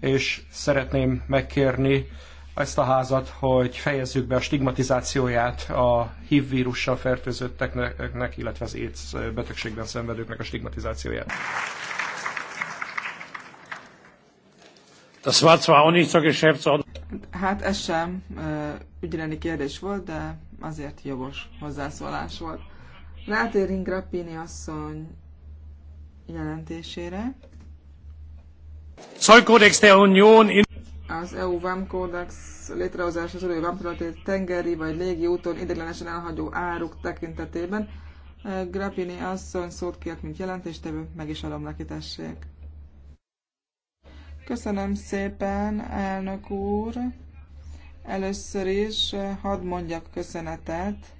és szeretném megkérni ezt a házat, hogy fejezzük be a stigmatizációját a HIV vírussal fertőzötteknek, illetve az AIDS betegségben szenvedőknek a stigmatizációját. Das war zwar auch nicht zur Geschäftsordnung. Hát ez sem uh, ügyrendi kérdés volt, de azért jogos hozzászólás volt. Rátérünk Rappini asszony jelentésére der Union in az EU VAM kódex létrehozása az EU VAM tengeri vagy légi úton ideiglenesen elhagyó áruk tekintetében. E, Grappini asszony szót kért, mint jelentéstevő, meg is adom neki, tessék. Köszönöm szépen, elnök úr. Először is e, hadd mondjak köszönetet